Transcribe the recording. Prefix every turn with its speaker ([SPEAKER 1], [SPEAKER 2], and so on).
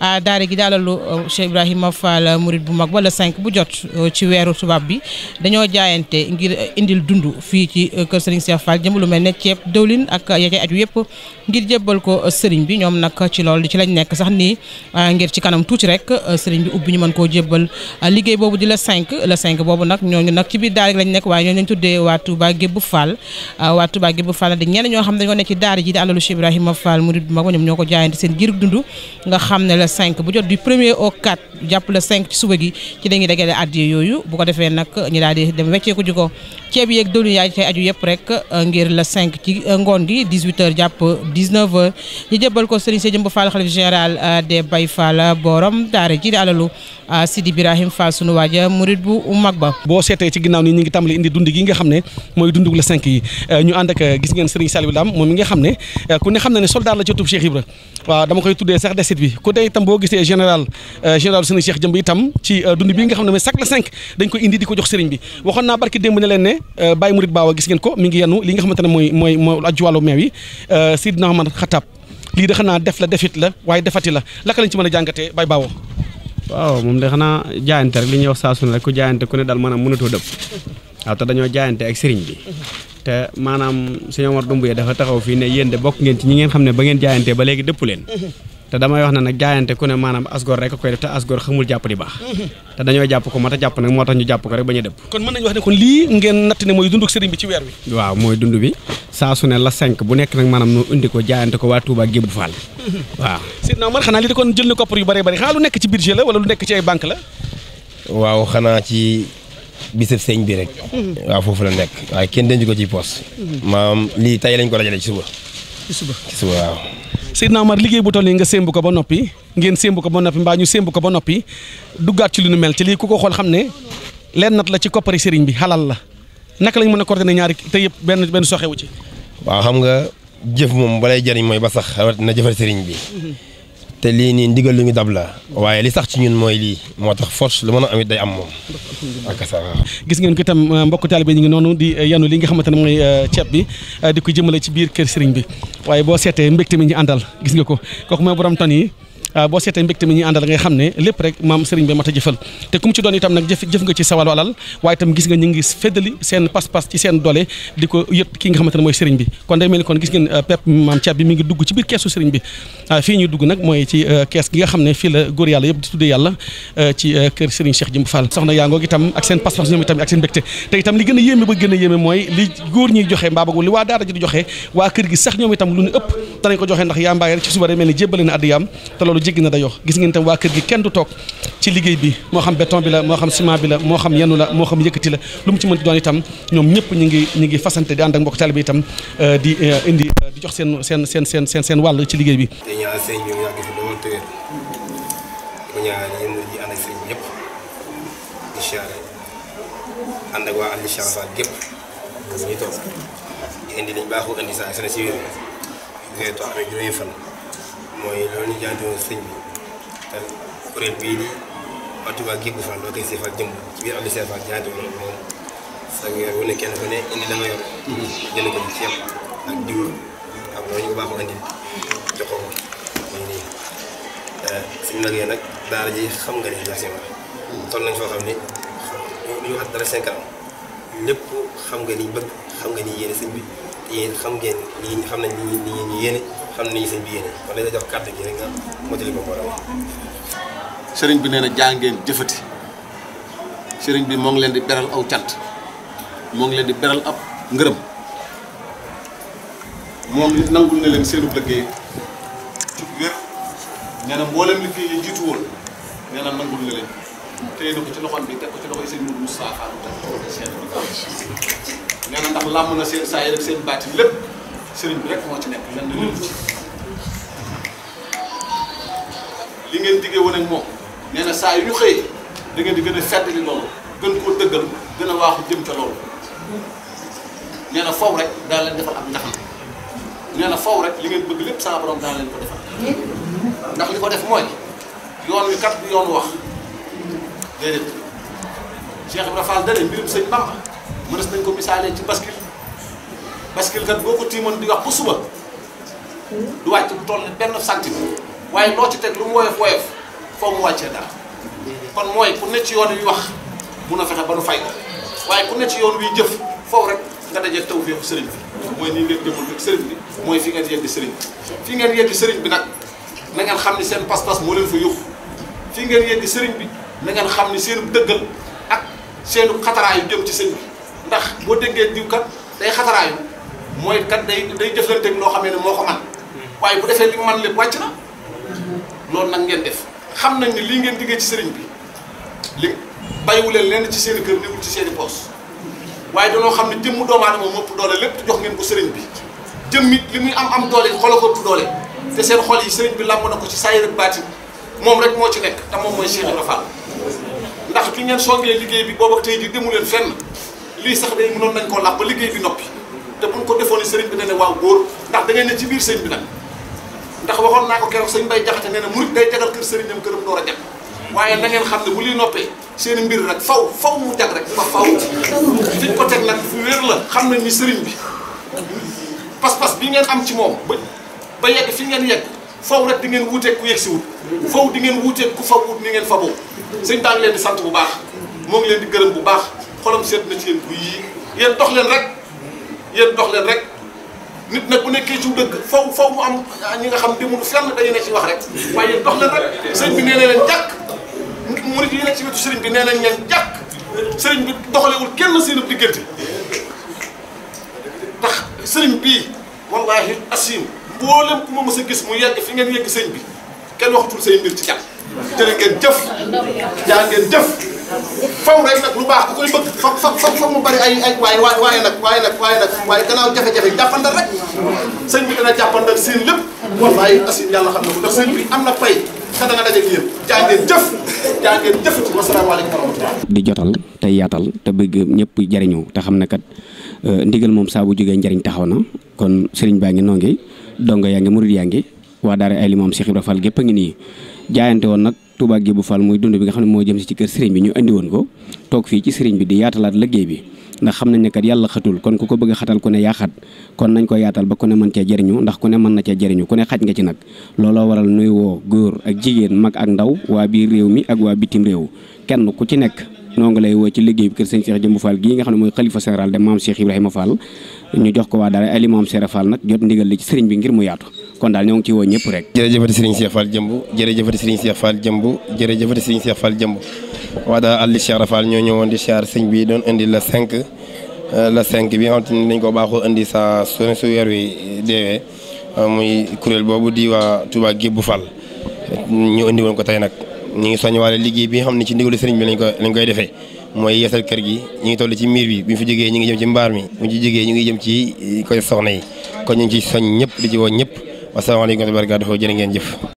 [SPEAKER 1] daara gi daalalu euh, Cheikh Ibrahima Fall murid bu mag wala cinq bu jot euh, ci weeru tubaab bi dañoo jaayante ngir euh, indil dund fii ci kër Serigne Cheikh jëm lu mel ne ceeb dëwlin ak ya cay aju yëpp ngir jébbal ko Serigne bi ñoom nag ci loolu ci lañ nekk sax nii ngir ci kanam tuuti rek Serigne bi ubbi ñu mën koo jébbal liggéey boobu di la cinq la cinq boobu nag ñooñu nag ci biir daara gi nekk waaye ñooñu lañ tuddee waa Touba Gébb Fall waa Touba Gébb ñoo xam ne dañoo nekk ci daara ji di àlalu Cheikh Ibrahima Fall murid bu mag ñoom ñoo ko jaayante seen giirug dund nga xam ne la 5 bu jot du premier o 4 jàpp le 5 ci suba gi ci la ñuy dajale addiya yooyu bu ko defee nag ñi daal di dem wecceeku ji ko ceeb yeeg donu yaay cay aju yëpp rek euh, ngir la 5 ci euh, ngoon gi 18h jàpp 19h ñu jëbal ko Serigne Seye Jëmb Fall xalif général euh, des Baye Fall borom daara ji di alalu Sidi Ibrahim Fall sunu waaja murid bu mag ba. boo seetee ci ginnaaw nii ñu ngi tàmbali indi dund gi nga xam ne mooy dundu la 5 yi ñu ànd ak gis ngeen Serigne Saliou Lam moom mi nga xam ne ku ne xam na ne soldat la ci tub Cheikh Ibra waaw dama koy tuddee sax desit bi ku dee itam boo gisee général général Serigne Cheikh Jëmb itam ci dund bi nga xam ne mooy chaque la 5 dañ koy indi di ko jox Serigne bi waxoon naa barki démb ne leen ne Euh, Baye Mourid Baawa gis ngeen ko mi ngi yenu li nga xamante ne mooy mooy mooy aju wàllu meew yi euh, Sidna Ahmad Xataab lii de xanaa def la defit la waaye defati la laka lañ ci mën a jàngatee Baye Baawa
[SPEAKER 2] waaw moom de xanaa jaayante rek li ñuy wax saasu su ne rek ku jaayante ku ne daal maanaam mënatoo dëpp waaw te dañoo jaayante ak sëriñ bi te maanaam sëñ Omar Doumbouya dafa taxaw fii ne yéen de bokk ngeen ci ñi ngeen xam ne ba ngeen jaayantee ba léegi dëpp te damay wax ne nag jaayante ku ne maanaam asgor rek koy def te asgor xamul jàpp di baax mhm. te dañoo jàpp ko a jàpp nag moo tax ñu jàpp ko rek ba ñu dëpp
[SPEAKER 1] kon mën nañu wax ne kon lii ngeen natt ne mooy dund ak sëriñ bi ci weer
[SPEAKER 2] wi waaw mooy dund bi saa su ne la cinq bu nekk nag maanaam nu indi ko jaayante ko waa Touba Gébbu Fall mhm. waaw
[SPEAKER 1] Seydina a xanaa lii de kon jël na koppar yu bëree bëri xanaa lu nekk ci budget la wala lu nekk la
[SPEAKER 3] waaw xanaa ci bisab sëñ bi rek mhm. waaw foofu la nekk waaye kenn denc ko ci poos maam lii tay lañ ko dajale ci suba ci waaw Seydina Omar liggéey bu toll nga sémb
[SPEAKER 1] ko ba noppi ngeen sémb ko ba noppi mbaa ñu sémb ko ba noppi duggaat ci li nu mel ci lii ku ko xool xam ne
[SPEAKER 3] leen nat la ci koppari sëriñ bi xalal la naka
[SPEAKER 1] lañ mën a coordonné ñaari te yëpp benn benn soxewu
[SPEAKER 3] ci. waa xam nga jëf moom balay jariñ mooy ba sax rawat na jëfal sëriñ bi. Mhm. te lii nii ndigal lu ñu dab la waaye li sax ci ñun mooy lii moo tax force lu mën a amit day am moom
[SPEAKER 1] gis ngeen ko itam euh, mbokk taalibe ñu ngi noonu di euh, yanu li nga xamante ne mooy euh, ceeb bi di ko jëmale ci biir kër sëriñ bi waaye boo seetee mbégte mi ñu àndal gis nga ko kooku mooy borom ton yi Euh, boo seetee mbégte mi ñuy àndal ngay xam ne lépp rek maam sëriñ bi mat a jëfal te kum ci doon itam nag jëf jëf nga ci sawalu alal waaye itam gis nga ñu ngi feddali seen pas-pas ci seen doole di ko yët ki nga xamante euh, euh, fii nag mooy ci kees gi ne fii la góor yàlla yëpp di tuddee yàlla ci kër sëriñ Cheikh Jëmb Fall soxna yaa ngoog itam ak seen pas-pas ñoom itam ak seen mbégte te itam li gën a yéeme ba gën a yéeme mooy li góor ñuy joxe mbaa boog li waa daara ji di joxe waa kër gi sax ñoom itam lu ëpp danañ ko joxe ndax yaa mbaay rek loolu na dayoo gis ngeen tam waa kër gi kenn du toog ci liggéey bi moo xam béton bi la moo xam ciment bi la moo xam yenu la moo xam yëkkati la lu mu ci mënti doon itam ñoom ñëpp ñu ngi ñu ngi fasante di ànd ak mbokk taalibe bi itam euh, di euh, indi euh, di jox seen seen seen seen seen seen wàll ci liggéey bi
[SPEAKER 3] indi liñ baaxoo indi saa yu si mooy loolu ñu jaante woon sëñ bi bii di Touba Guibou loo koy seefal jëm ci biir Abdou Seefal jaante woon moom sax weer wu ne kenn ku ne indi la ak diw ñu ko baaxoo indi joxoo ko muy nag yee nag daara ji xam nga ne jaasima toll nañ foo xam ne ñu at lépp xam nga ni bëgg xam nga ni yéene sëñ bi te yéen xam ngeen ni xam nañ ni ñu yéene xam nañu sëñ bi yéene kon dañuy jox gi rek nga motali ko borom.
[SPEAKER 4] bi nee na jaa jëfati sëriñ bi moo ngi leen di beral aw cant moo ngi leen di beral ab ngërëm moom it nangul na leen seenu liggéey ci wér nee na mboolem liggéey yi jiitu ko ci loxoom bi teg ko ci loxoy sëñ Moussa Fall teg ko ci na ndax làmm na seen saa yi seen baati lépp. sëriñ bi rek moo ci nekk lan la nekk ci li ngeen diggee woon ak moom nee saa yu ñu xëyee da di gën a fàttali loolu gën koo dëggal gën a waaxu jëm ca loolu nee na foofu rek daal leen defal am ndaxam nee na foofu rek li ngeen bëgg lépp saa borom daal leen ko defal ndax li ko def mooy yoon wi kat bi yoon wax déedéet Cheikh Ibrahima Fall dane mbirum sëñ Bamba mënees nañ ko misaalee ci bascule bascule kat boo ko tiimoon di wax ba suba du wàcc bu toll ne benn centime waaye loo ci teg lu mu woyof woyof foo mu wàccee dara kon mooy ku ne ci yoon wi wax mun a fexe ba nu fay ko waaye ku ne ci yoon wiy jëf foofu rek nga daje tawfeexu sëriñ bi mooy nii ngeen jëmul rek sëriñ bi mooy fi ngeen yegg sëriñ bi fi ngeen yegg bi nag na ngeen xam ni seen pas-pas moo leen fa yóbbu fii ngeen di sëriñ bi na ngeen xam ni seen dëggal ak seenu xataraayu jëm ci sëriñ bi boo déggee kat day xataraayu mooy kat day day jëflanteeg loo xam ne moo ko man waaye bu defee li mu man lépp wàcc na loolu nag ngeen def xam nañ ni lii ngeen diggee ci sëriñ bi li bàyyiwu leen lenn ci seen kër newul ci seen i poos waaye danoo xam ne jëmmu doomu aadama moo ëpp doole lépp jox ngeen ko sëriñ jëm it li muy am am doole xolo ko ëpp doole te seen xol yi sëriñ bi làmb na ko ci saa yi rek baati moom rek moo ci nekk te moom mooy Cheikh Ibra Fall ndax ci ngeen songee liggéey bi booba tey jii demu leen fenn lii sax day mënoon nañ koo làpp ba liggéey bi noppi te buñ ko defoon sëriñ bi ne ne waaw góor ndax da ngay ne ci biir sëriñ bi nag ndax waxoon naa ko keroog sëñ Bay Jaxate nee na murit day jagal kër sëriñam këram door a jag waaye na ngeen xam ne bu liy noppee seen mbir rek faw faw mu jag rek ba faw fiñ ko teg nag fu wér la xam nañ ni sëriñ bi pas-pas bi ngeen am ci moom ba ba yegg fi ngeen yegg faw rek di ngeen wuuteeg ku yegg si wut faw di ngeen wuuteeg ku fa wut ni ngeen fa boo sëñ leen di bu baax moo ngi leen di gërëm bu baax xolam seet na ci yéen bu yii yéen dox leen rek yéen dox leen rek nit nag bu nekkee ci dëgg faw faw mu am ñi nga xam mu fenn dañu ne ci wax rek waaye yéen dox leen rek sëñ bi nee na leen jàkk murid sëriñ bi nee nañ leen jàkk sëriñ bi doxalewul kenn seen diggante ndax sëriñ bii wallahi asim mboolem ku ma mu a gis mu yegg fi ngeen yegg seen bi kenn waxatul say mbir ci jàpp jërë ngeen jëf jaa ngeen jëf lu baax ku koy bëgg foog foog foog mu bari ay waaye waaye nag waaye nag waaye nag waaye jafe-jafe jàppandal rek sëñ bi dana jàppandal seen lépp wallaay asin yàlla xam na ko
[SPEAKER 2] di jotal te yaatal te bëgg ñëpp jariñoo te xam ne kat euh, ndigal moom saabu bu jógee njariñ taxaw na kon sëriñ baa ngi noo ngi dongo yaa ngi murid yaa ngi waa daara ay li moom Cheikh Ibra Fall gépp a ngi nii jaayante woon nag Touba Guébou Fall muy dund bi nga xam ne moo jëm si ci kër sëriñ bi ñu andi woon ko toog fii ci sëriñ bi di yaatalaat liggéey bi ndax xam nañ ne kat yàlla xatul kon ku ko bëgg a xatal ku ne yaa xat kon nañ ko yaatal ba ku ne mën cee jëriñu ndax ku ne mën na cee jëriñu ku ne xaj nga ci nag looloo waral nuy woo góor ak jigéen mag ak ndaw waa biir réew mi ak waa bitim réew kenn ku ci nekk noo lay woo ci liggéey bi kër sëñ Cheikh Jëmb Fall gii nga xam ne mooy xalifa général de maam Cheikh Ibrahima Fall ñu jox ko waa daara Ali Maam Cheikh Fall nag jot ndigal li bi ngir mu
[SPEAKER 3] yaatu kon daal ñoo ngi ciy woo ñëpp rek jërëjëfati sëriñ Cheikh Fall Jëmb jërëjëfati sëriñ Cheikh Fall Jëmb jërëjëfati sëriñ Cheikh Fall Jëmb waa daara ñëwoon di siyaar sëñ bi doon indi la 5 euh, la 5 bi nga xam ne dañ ko baaxoo indi sa su su weer wi deewee euh, muy kuréel boobu di waa Touba Gébbu Fall ñu indi woon ko tey nag ñu ngi soñ soññiwaale liggéey bi xam ne ci ndigalu sëriñ bi lañ ko koy defee mooy yeesal kër gi ñi ngi toll ci miir bi bu ñu fi jógee ñi ngi jëm ci mbaar mi bu ñu ci jógee ñi ngi jëm ci eh, koy soxna yi kon ñu ngi ci soñ ñëpp di ci woo ñëpp wasalaamaaleykum wa rahmatulah jërë ngeen jëf